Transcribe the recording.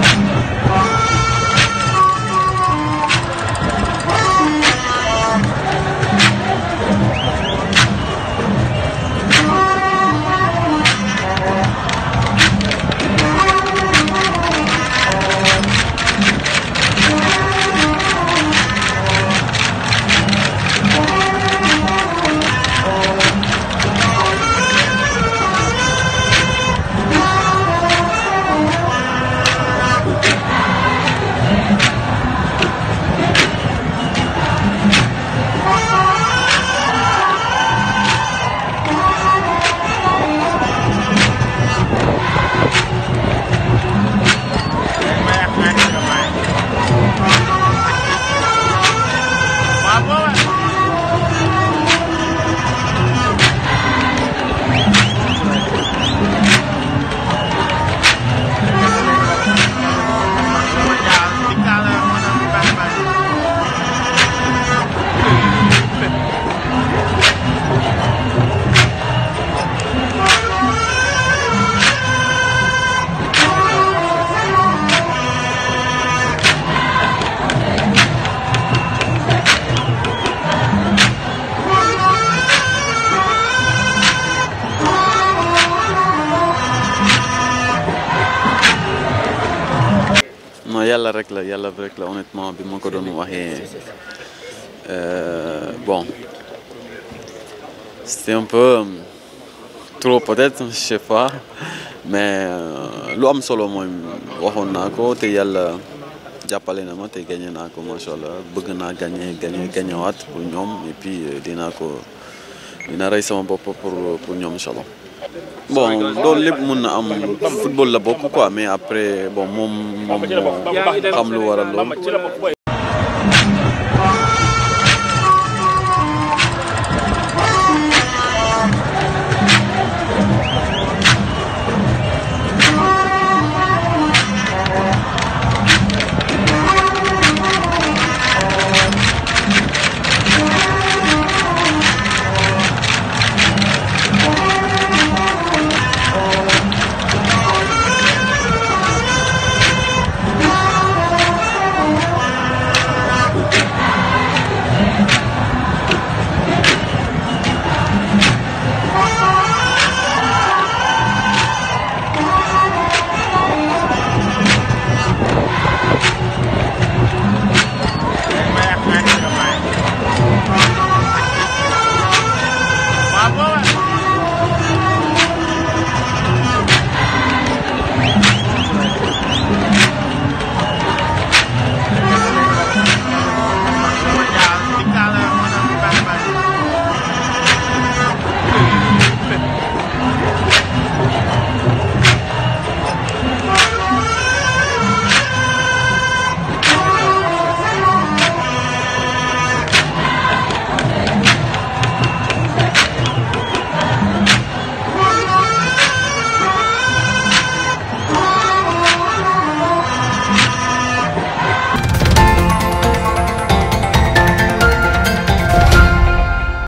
Thank you. non yalla rek la yalla rek la honnêtement bi ma ko doon euh bon c'était un peu euh, trop peut-être je sais pas mais euh, lu am solo mooy waxon nako te yalla jàppale na ma te gagné naa ko macha allah bëgg naa gagner gagner gagner waat pour ñom et puis euh, dina ko dina rey sama bop pour pour ñom inchallah bon loolu lépp mun na am football la bokk quoi mais après bon moom moom moo xam lu waral loolu.